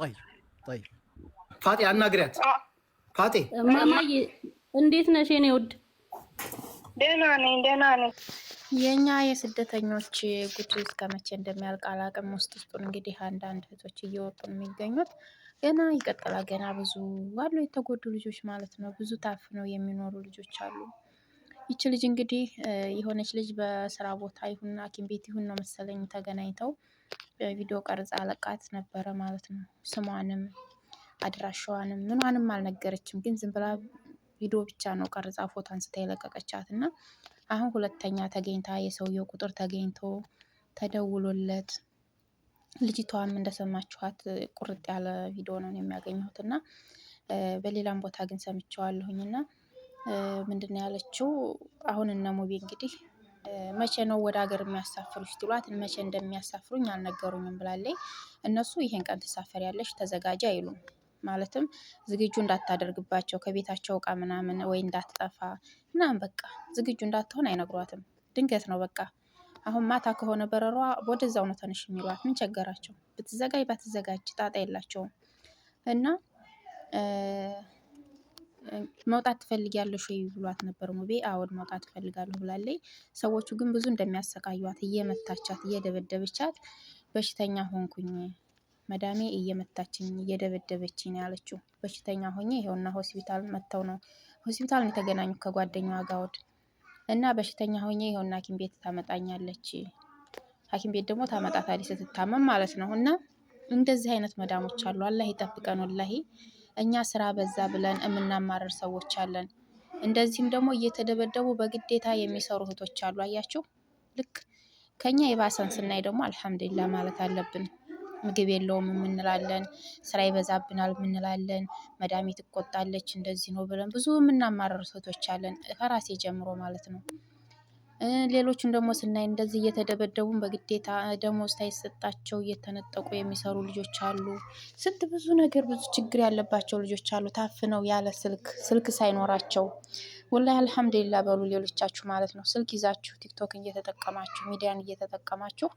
ጠይ ጠይ ፋጤ አናግሪያት። ፋጤ ማማዬ እንዴት ነሽ የኔ ውድ? ደህና ነኝ ደህና ነኝ። የእኛ የስደተኞች ጉድ እስከ መቼ እንደሚያልቅ አላቅም። ውስጥ ውስጡን እንግዲህ አንዳንድ እህቶች እየወጡ የሚገኙት ገና ይቀጥላል። ገና ብዙ አሉ የተጎዱ ልጆች ማለት ነው። ብዙ ታፍነው የሚኖሩ ልጆች አሉ። ይቺ ልጅ እንግዲህ የሆነች ልጅ በስራ ቦታ ይሁን ሐኪም ቤት ይሁን ነው መሰለኝ ተገናኝተው ቪዲዮ ቀርጻ አለቃት ነበረ ማለት ነው። ስሟንም አድራሻዋንም ምኗንም አልነገረችም፣ ግን ዝም ብላ ቪዲዮ ብቻ ነው ቀርጻ ፎቶ አንስታ የለቀቀቻት እና አሁን ሁለተኛ ተገኝታ የሰውየው ቁጥር ተገኝቶ ተደውሎለት ልጅቷም እንደሰማችኋት ቁርጥ ያለ ቪዲዮ ነው የሚያገኘሁት እና በሌላም ቦታ ግን ሰምቸዋለሁኝ እና ምንድነው ያለችው? አሁን እነ ሙቤ እንግዲህ መቼ ነው ወደ ሀገር የሚያሳፍሩች ትሏት፣ መቼ እንደሚያሳፍሩኝ አልነገሩኝም ብላለች። እነሱ ይሄን ቀን ያለች ተዘጋጅ አይሉም። ማለትም ዝግጁ እንዳታደርግባቸው ከቤታቸው እቃ ምናምን ወይ እንዳትጠፋ ምናምን በቃ ዝግጁ እንዳትሆን አይነግሯትም። ድንገት ነው በቃ አሁን ማታ ከሆነ በረሯ ወደዛው ነው ተነሽ የሚሏት። ምን ቸገራቸው? ብትዘጋጅ ባትዘጋጅ ጣጣ የላቸውም እና መውጣት ትፈልጊያለሽ ወይ ብሏት ነበር ሙቤ። አዎን መውጣት ትፈልጋለሁ ብላለች። ሰዎቹ ግን ብዙ እንደሚያሰቃዩት እየመታቻት እየደበደበቻት በሽተኛ ሆንኩኝ መዳሜ እየመታችኝ እየደበደበችኝ ነው ያለችው። በሽተኛ ሆኜ ይኸውና ሆስፒታል መጥተው ነው ሆስፒታል ነው የተገናኙ ከጓደኛዋ ጋር እና በሽተኛ ሆኜ ይኸውና ሐኪም ቤት ታመጣኛለች። ሐኪም ቤት ደግሞ ታመጣታለች ስትታመም ማለት ነው። እና እንደዚህ አይነት መዳሞች አሉ። አላህ ይጠብቀን ወላሂ። እኛ ስራ በዛ ብለን የምናማርር ሰዎች አለን። እንደዚህም ደግሞ እየተደበደቡ በግዴታ የሚሰሩ እህቶች አሉ። አያችሁ ልክ ከእኛ የባሰን ስናይ ደግሞ አልሐምዱሊላ ማለት አለብን። ምግብ የለውም የምንላለን ስራ ይበዛብናል የምንላለን መዳሜ ትቆጣለች እንደዚህ ነው ብለን ብዙ የምናማርር እህቶች አለን ከራሴ ጀምሮ ማለት ነው ሌሎችን ደግሞ ስናይ እንደዚህ እየተደበደቡን በግዴታ ደሞዝ ሳይሰጣቸው እየተነጠቁ የሚሰሩ ልጆች አሉ። ስንት ብዙ ነገር ብዙ ችግር ያለባቸው ልጆች አሉ ታፍነው ያለ ስልክ ስልክ ሳይኖራቸው ወላሂ አልሐምዱሊላ በሉ ሌሎቻችሁ ማለት ነው። ስልክ ይዛችሁ ቲክቶክን እየተጠቀማችሁ ሚዲያን እየተጠቀማችሁ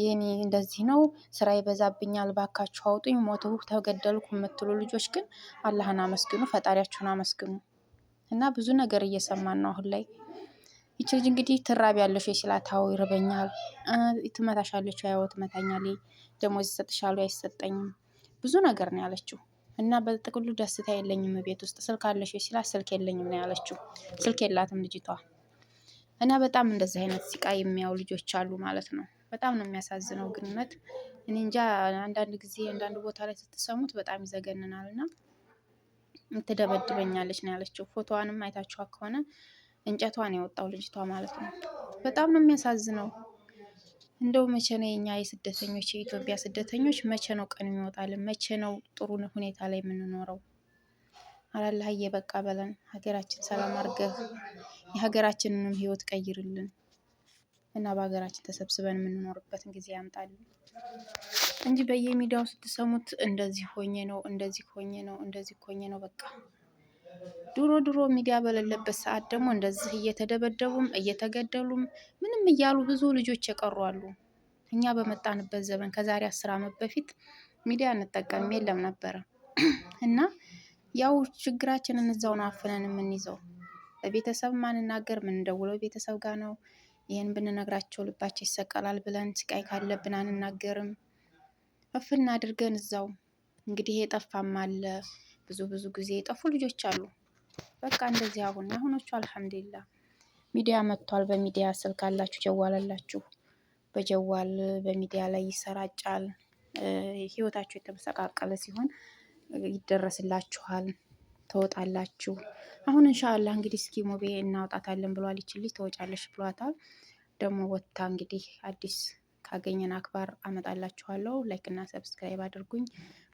ይህኔ እንደዚህ ነው ስራ ይበዛብኛል ባካችሁ አውጡኝ ሞትሁ ተገደልኩ የምትሉ ልጆች ግን አላህን አመስግኑ ፈጣሪያችሁን አመስግኑ። እና ብዙ ነገር እየሰማን ነው አሁን ላይ ይች ልጅ እንግዲህ ትራቢ ያለች ሲላት፣ አዎ ይርበኛል። ትመታሻለች ወይ? ትመታኛለች። ደሞዝ ይሰጥሻል አይሰጠኝም። ብዙ ነገር ነው ያለችው። እና በጥቅሉ ደስታ የለኝም ቤት ውስጥ። ስልክ አለሽ ሲላት፣ ስልክ የለኝም ነው ያለችው። ስልክ የላትም ልጅቷ። እና በጣም እንደዚህ አይነት ሲቃይ የሚያው ልጆች አሉ ማለት ነው። በጣም ነው የሚያሳዝነው። ግንኙነት እኔ እንጃ። አንዳንድ ጊዜ አንዳንድ ቦታ ላይ ስትሰሙት በጣም ይዘገንናል። እና ትደበድበኛለች ነው ያለችው። ፎቶዋንም አይታችኋ ከሆነ እንጨቷን የወጣው ልጅቷ ማለት ነው። በጣም ነው የሚያሳዝነው። እንደው መቼ ነው የኛ የስደተኞች የኢትዮጵያ ስደተኞች መቼ ነው ቀን የሚወጣልን? መቼ ነው ጥሩ ሁኔታ ላይ የምንኖረው? አላላህዬ በቃ በለን። ሀገራችን ሰላም አድርገህ የሀገራችንንም ህይወት ቀይርልን እና በሀገራችን ተሰብስበን የምንኖርበትን ጊዜ ያምጣልን እንጂ በየሚዲያው ስትሰሙት እንደዚህ ሆኜ ነው እንደዚህ ሆኜ ነው እንደዚህ ሆኜ ነው በቃ ድሮ ድሮ ሚዲያ በሌለበት ሰዓት ደግሞ እንደዚህ እየተደበደቡም እየተገደሉም ምንም እያሉ ብዙ ልጆች የቀሩ አሉ። እኛ በመጣንበት ዘመን ከዛሬ አስር ዓመት በፊት ሚዲያ እንጠቀም የለም ነበረ እና ያው ችግራችንን እዛው ነው አፍነን የምንይዘው። ቤተሰብ ማንናገር ምንደውለው ቤተሰብ ጋር ነው። ይህን ብንነግራቸው ልባቸው ይሰቀላል ብለን ስቃይ ካለብን አንናገርም። እፍና አድርገን እዛው እንግዲህ የጠፋም አለ ብዙ ብዙ ጊዜ የጠፉ ልጆች አሉ። በቃ እንደዚህ አሁን አሁኖቹ አልሐምዱሊላ ሚዲያ መጥቷል። በሚዲያ ስልክ አላችሁ፣ ጀዋል አላችሁ። በጀዋል በሚዲያ ላይ ይሰራጫል። ህይወታችሁ የተመሰቃቀለ ሲሆን ይደረስላችኋል፣ ትወጣላችሁ። አሁን እንሻላ እንግዲህ እስኪ ሞቤ እናውጣታለን ብሏል። ይችልች ተወጫለሽ ብሏታል። ደግሞ ወጥታ እንግዲህ አዲስ ካገኘን አክባር አመጣላችኋለሁ። ላይክ እና ሰብስክራይብ አድርጉኝ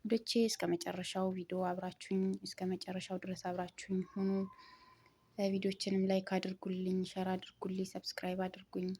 ውዶቼ። እስከ መጨረሻው ቪዲዮ አብራችሁኝ እስከ መጨረሻው ድረስ አብራችሁኝ ሁኑ። ቪዲዮችንም ላይክ አድርጉልኝ፣ ሸር አድርጉልኝ፣ ሰብስክራይብ አድርጉኝ።